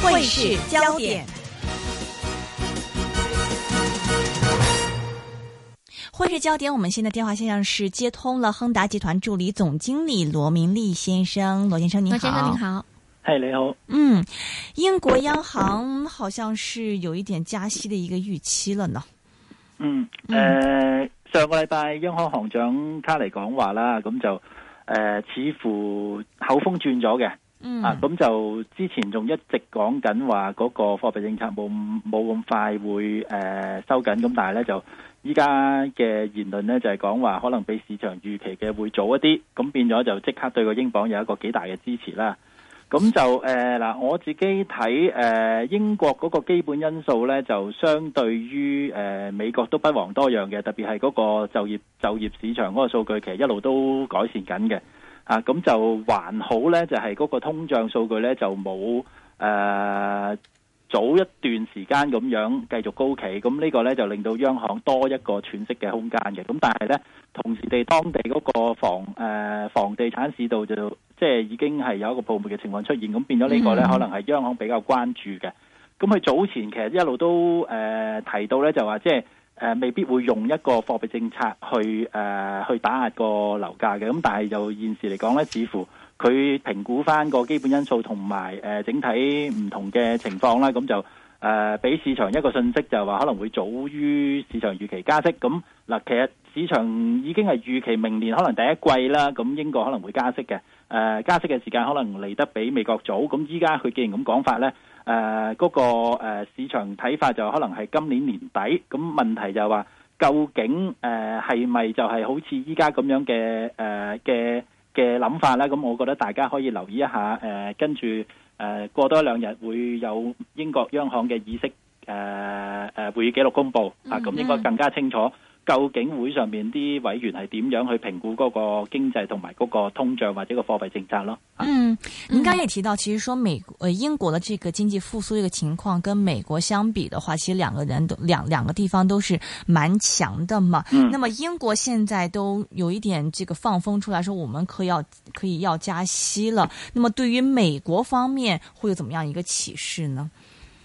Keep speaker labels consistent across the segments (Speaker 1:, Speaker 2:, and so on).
Speaker 1: 匯市焦點，匯市焦點，匯市焦點。我們現在電話線上是接通了亨達集團助理總經理羅明立先生。羅先生您好，先生您好 hey, 你好，羅先生，你好，嗨，你好。嗯，英國央行好像是有一點加息的一個預期了呢？嗯，呃、
Speaker 2: 嗯，上個禮拜央行行長卡尼講話啦，咁就、呃、似乎口風轉咗嘅。嗯啊，咁就之前仲一直講緊話嗰個貨幣政策冇冇咁快會誒、呃、收緊，咁但係咧就依家嘅言論咧就係講話可能比市場預期嘅會早一啲，咁變咗就即刻對個英鎊有一個幾大嘅支持啦。咁就誒嗱、呃，我自己睇誒、呃、英國嗰個基本因素咧，就相對於誒、呃、美國都不遑多讓嘅，特別係嗰個就業就業市場嗰個數據，其實一路都改善緊嘅。啊，咁就還好呢，就係、是、嗰個通脹數據呢，就冇、呃、早一段時間咁樣繼續高企，咁呢個呢，就令到央行多一個喘息嘅空間嘅。咁但係呢，同時地當地嗰個房、呃、房地產市道就即係、就是、已經係有一個泡沫嘅情況出現，咁變咗呢個呢，mm hmm. 可能係央行比較關注嘅。咁佢早前其實一路都、呃、提到呢，就話即係。誒、呃、未必會用一個貨幣政策去誒、呃、去打壓個樓價嘅，咁但係就現時嚟講呢，似乎佢評估返個基本因素同埋、呃、整體唔同嘅情況啦，咁就誒俾、呃、市場一個訊息，就話可能會早於市場預期加息。咁嗱，其實市場已經係預期明年可能第一季啦，咁英國可能會加息嘅。誒、呃、加息嘅時間可能嚟得比美國早。咁依家佢既然咁講法呢。誒嗰個誒市場睇法就可能係今年年底，咁問題就係話究竟誒係咪就係好似依家咁樣嘅誒嘅嘅諗法呢？咁我覺得大家可以留意一下誒，跟住誒過多兩日會有英國央行嘅議息誒誒會議紀錄公佈啊，咁應該更加清楚。究竟會上面啲委員係點樣去評估嗰個經濟同埋嗰個通脹或者個貨幣政策咯？嗯，
Speaker 1: 你剛剛也提到，其實說美，呃英國的這個經濟復甦這個情況，跟美國相比的話，其實兩個人都兩兩個地方都是蠻強的嘛。嗯。那麼英國現在都有一點這個放風出來說，我們可以要可以要加息了。那麼對於美國方面會有怎麼樣一個啟示呢？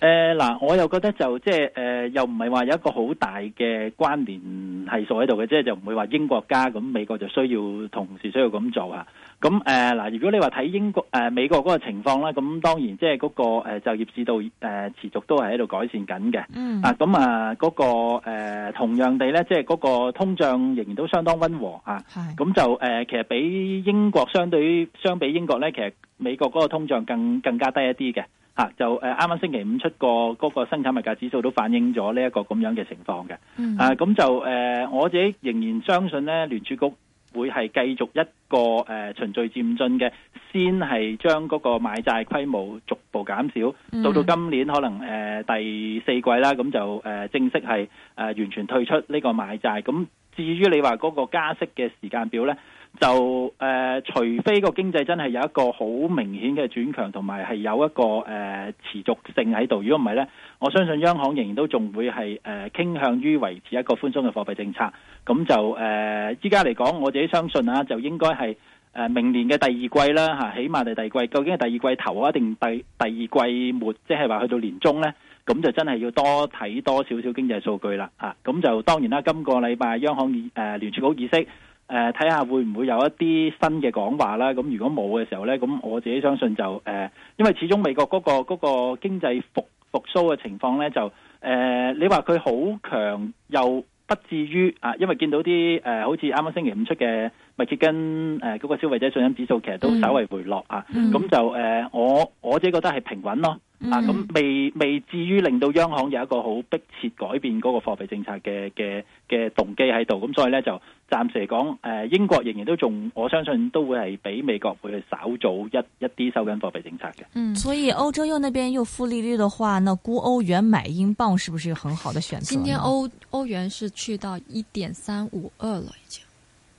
Speaker 2: 誒，嗱、呃，我又覺得就即係誒，又唔係話有一個好大嘅關聯係數喺度嘅，即係就唔會話英國家咁，那美國就需要同時需要咁做啊。咁誒，嗱、呃，如果你話睇英國誒、呃、美國嗰個情況啦，咁當然即係嗰個誒、呃、就業市道誒、呃、持續都係喺度改善緊嘅。Mm. 啊，咁啊，嗰、那個誒、呃，同樣地咧，即係嗰個通脹仍然都相當溫和啊。咁、mm. 啊、就誒、呃，其實比英國相對於相比英國咧，其實美國嗰個通脹更更加低一啲嘅。嚇就誒啱啱星期五出個嗰個生產物價指數都反映咗呢一個咁樣嘅情況嘅、mm，hmm. 啊咁就誒，我自己仍然相信咧聯儲局會係繼續一。個誒循序漸進嘅，先係將嗰個買債規模逐步減少，到到今年可能誒、呃、第四季啦，咁就誒、呃、正式係誒、呃、完全退出呢個買債。咁至於你話嗰個加息嘅時間表咧，就誒、呃、除非個經濟真係有一個好明顯嘅轉強，同埋係有一個誒、呃、持續性喺度，如果唔係咧，我相信央行仍然都仲會係誒傾向於維持一個寬鬆嘅貨幣政策。咁就誒依家嚟講，我自己相信啊就應該。係誒明年嘅第二季啦吓，起碼係第二季。究竟係第二季頭啊，定第第二季末？即係話去到年中呢？咁就真係要多睇多少少經濟數據啦。啊，咁就當然啦。今個禮拜央行誒聯儲局議息，誒、呃，睇下會唔會有一啲新嘅講話啦。咁如果冇嘅時候呢，咁我自己相信就誒、呃，因為始終美國嗰、嗰個嗰、嗰個經濟復復蘇嘅情況呢，就誒、呃、你話佢好強又。不至於，啊，因為見到啲誒、呃，好似啱啱星期五出嘅密西根誒嗰個消費者信心指數，其實都稍為回落、嗯、啊，咁就誒、呃，我我自己覺得係平穩咯。嗯、啊！咁未未至於令到央行有一個好迫切改變嗰個貨幣政策嘅嘅嘅動機喺度，咁所以咧就暫時嚟講，誒、呃、英國仍然都仲我相信都會係比美國會去稍早一一啲收緊貨幣政策嘅。
Speaker 1: 嗯，所以歐洲又嗰邊又負利率的話，那沽歐元買英鎊是不是一個很好的選擇？今天歐歐元是去到一點三五二了，已經。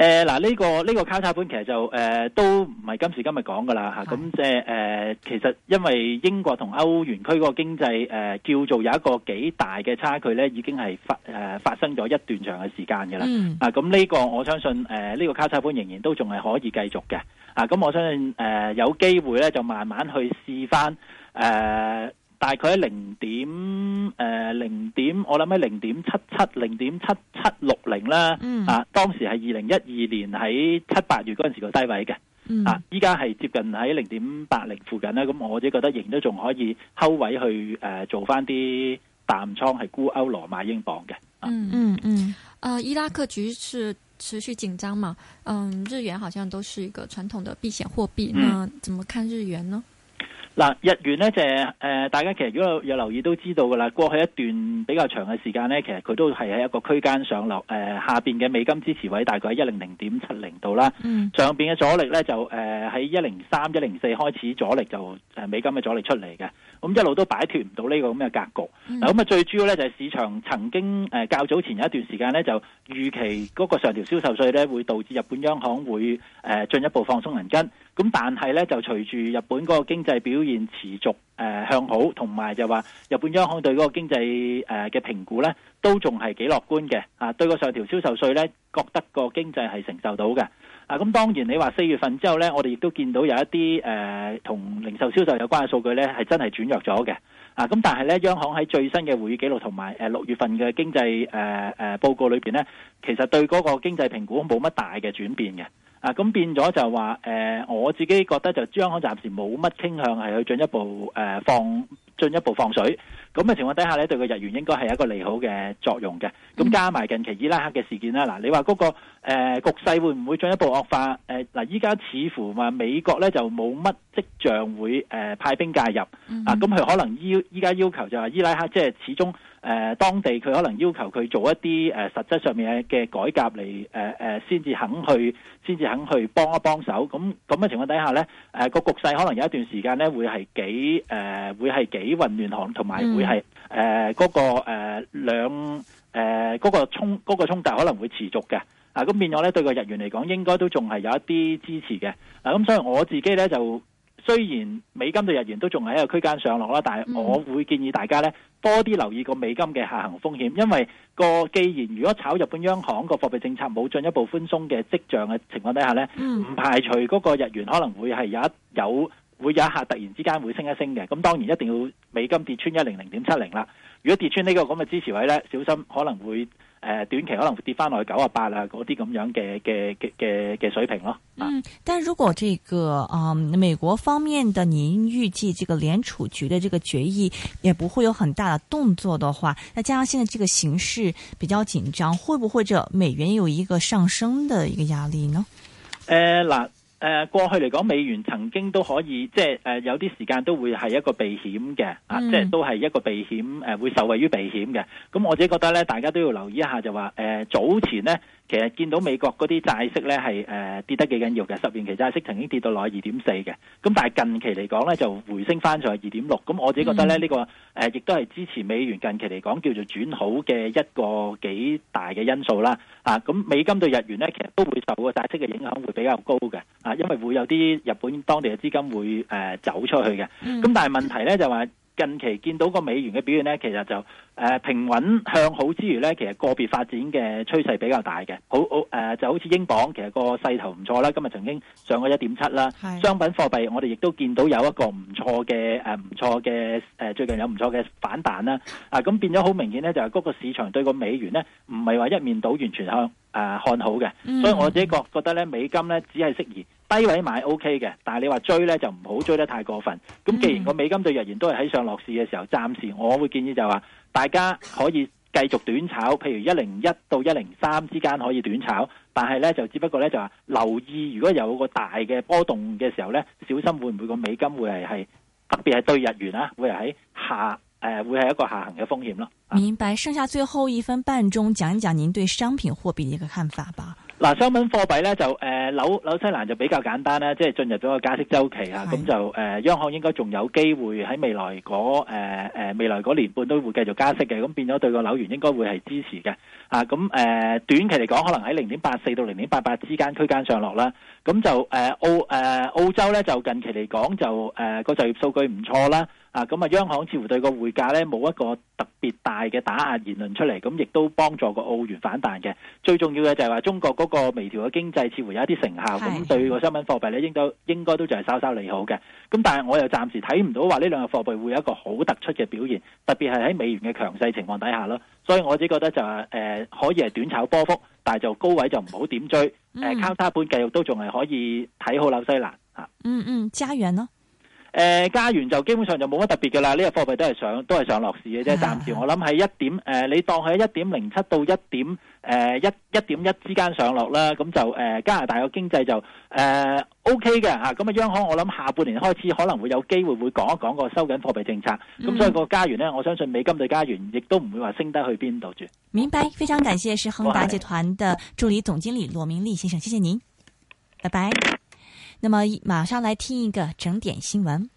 Speaker 1: 誒，
Speaker 2: 嗱呢個呢個交叉盤其實就誒都唔係今時今日講噶啦嚇，咁即係誒其實因為英國同歐元區嗰個經濟誒叫做有一個幾大嘅差距咧，已經係發誒發生咗一段長嘅時間噶啦。啊，咁呢個我相信誒呢個交叉盤仍然都仲係可以繼續嘅。啊，咁我相信誒有機會咧就慢慢去試返誒。大概喺零點誒、呃、零點，我諗喺零點七七零點七七六零啦。嗯、啊，當時係二零一二年喺七八月嗰陣時個低位嘅。嗯、啊，依家係接近喺零點八零附近。咁我自己覺得仍然都仲可以後位去誒、呃、做翻啲淡倉，係沽歐羅買英鎊
Speaker 1: 嘅、啊嗯。嗯嗯嗯。啊、呃，伊拉克局勢持續緊張嘛？嗯、呃，日元好像都是一個傳統的避險貨幣，嗯、那怎麼看日元呢？
Speaker 2: 嗱，日元咧就誒、呃，大家其實如果有留意都知道嘅啦。過去一段比較長嘅時間咧，其實佢都係喺一個區間上落誒、呃、下邊嘅美金支持位大概喺一零零點七零度啦。嗯、上邊嘅阻力咧就誒喺一零三一零四開始阻力就誒、呃、美金嘅阻力出嚟嘅。咁一路都擺脫唔到呢個咁嘅格局。嗱、嗯，咁啊最主要咧就係、是、市場曾經誒、呃、較早前有一段時間咧就預期嗰個上調銷售稅咧會導致日本央行會誒、呃、進一步放鬆銀根。咁但係咧，就隨住日本個經濟表現持續、呃、向好，同埋就話日本央行對嗰個經濟嘅、呃、評估咧，都仲係幾樂觀嘅啊！對個上調銷售稅咧，覺得個經濟係承受到嘅啊！咁當然你話四月份之後咧，我哋亦都見到有一啲同、呃、零售銷售有關嘅數據咧，係真係轉弱咗嘅啊！咁但係咧，央行喺最新嘅會議記錄同埋六月份嘅經濟誒、呃、報告裏邊咧，其實對嗰個經濟評估冇乜大嘅轉變嘅。啊，咁變咗就話，誒、呃，我自己覺得就將可暫時冇乜傾向係去進一步誒、呃，放進一步放水。咁嘅情況底下咧，對個日元應該係一個利好嘅作用嘅。咁加埋近期伊拉克嘅事件啦，嗱，你話嗰個誒局勢會唔會進一步惡化？誒嗱，依家似乎話美國咧就冇乜跡象會誒派兵介入啊。咁佢、嗯、可能依依家要求就係伊拉克，即係始終誒當地佢可能要求佢做一啲誒實質上面嘅改革嚟誒先至肯去，先至肯去幫一幫手。咁咁嘅情況底下咧，誒個局勢可能有一段時間咧會係幾誒會係幾混亂，同埋會。係誒，嗰、呃嗰個誒兩誒，嗰、呃呃嗰個衝、嗰個衝突可能會持續嘅，啊咁變咗咧，對個日元嚟講，應該都仲係有一啲支持嘅，啊咁所以我自己咧就雖然美金對日元都仲係一個區間上落啦，但係我會建議大家咧多啲留意個美金嘅下行風險，因為嗰個既然如果炒日本央行個貨幣政策冇進一步寬鬆嘅跡象嘅情況底下咧，唔排除嗰個日元可能會係有一有。會有一下突然之間會升一升嘅，咁當然一定要美金跌穿一零零點七零啦。如果跌穿呢個咁嘅支持位咧，小心可能會誒、呃、短期可能會跌翻落去九啊八啊嗰啲咁樣嘅嘅嘅嘅嘅水平咯。
Speaker 1: 嗯，但如果這個啊、嗯、美國方面的，您預計這個聯儲局的這個決議也不會有很大的動作的話，那加上現在這個形勢比較緊張，會不會這美元有一個上升的一個壓力呢？誒
Speaker 2: 嗱、呃。誒過去嚟講，美元曾經都可以，即係誒有啲時間都會係一個避險嘅，嗯、啊，即係都係一個避險，誒會受惠於避險嘅。咁我自己覺得咧，大家都要留意一下，就話誒、呃、早前咧。其實見到美國嗰啲債息咧係誒跌得幾緊要嘅，十年期債息曾經跌到落去二點四嘅，咁但係近期嚟講咧就回升翻上去二點六，咁我自己覺得咧呢個誒亦都係支持美元近期嚟講叫做轉好嘅一個幾大嘅因素啦，啊，咁美金對日元咧其實都會受個債息嘅影響會比較高嘅，啊，因為會有啲日本當地嘅資金會誒走出去嘅，咁但係問題咧就話。近期見到個美元嘅表現咧，其實就誒、呃、平穩向好之餘咧，其實個別發展嘅趨勢比較大嘅，好好誒、呃、就好似英鎊，其實個勢頭唔錯啦，今日曾經上過一點七啦。是商品貨幣我哋亦都見到有一個唔錯嘅誒唔錯嘅誒最近有唔錯嘅反彈啦。啊，咁變咗好明顯咧，就係、是、嗰個市場對個美元咧唔係話一面倒完全向誒、呃、看好嘅，所以我自己覺覺得咧美金咧只係適宜。低位買 OK 嘅，但係你話追咧就唔好追得太過分。咁既然個美金對日元都係喺上落市嘅時候，嗯、暫時我會建議就話大家可以繼續短炒，譬如一零一到一零三之間可以短炒，但係咧就只不過咧就話留意，如果有個大嘅波動嘅時候咧，小心會唔會個美金會係係特別係對日元啊，會係喺下誒、呃、會係一個下行嘅風險咯。
Speaker 1: 明白，剩下最後一分半鐘，講一講您對商品貨幣嘅一個看法吧。
Speaker 2: 嗱，商品貨幣咧就誒紐、呃、紐，紐西蘭就比較簡單啦，即係進入咗個加息週期啊，咁的就誒、呃、央行應該仲有機會喺未來嗰誒、呃、未來嗰年半都會繼續加息嘅，咁變咗對個紐元應該會係支持嘅，啊咁誒、呃、短期嚟講可能喺零點八四到零點八八之間區間上落啦。咁就誒澳誒、呃、澳洲咧，就近期嚟講就誒個、呃、就業數據唔錯啦，啊咁啊央行似乎對個匯價咧冇一個特別大嘅打壓言論出嚟，咁亦都幫助個澳元反彈嘅。最重要嘅就係話中國嗰個微調嘅經濟似乎有一啲成效，咁是對個商品貨幣咧應該應該都就係稍稍利好嘅。咁但係我又暫時睇唔到話呢兩個貨幣會有一個好突出嘅表現，特別係喺美元嘅強勢情況底下咯。所以我只覺得就係、是呃、可以係短炒波幅。但係就高位就唔好點追誒，卡、呃、沙、mm hmm. 本繼續都仲係可以睇好紐西蘭，嗯、啊、嗯
Speaker 1: ，mm hmm. 家園咯。
Speaker 2: 誒，加元、呃、就基本上就冇乜特別噶啦，呢、這個貨幣都係上都係上落市嘅啫， 暫時我諗喺一點誒、呃，你當喺一點零七到一點誒一一點一之間上落啦，咁就誒、呃、加拿大嘅經濟就誒 O K 嘅吓，咁、呃 okay、啊央行我諗下半年開始可能會有機會會講一講個收緊貨幣政策，咁、嗯、所以個加元呢我相信美金對加元亦都唔會話升得去邊度住。
Speaker 1: 明白，非常感謝是亨達集團的助理總經理羅明立先生，謝謝您，拜拜。那麼，馬上來聽一個整點新聞。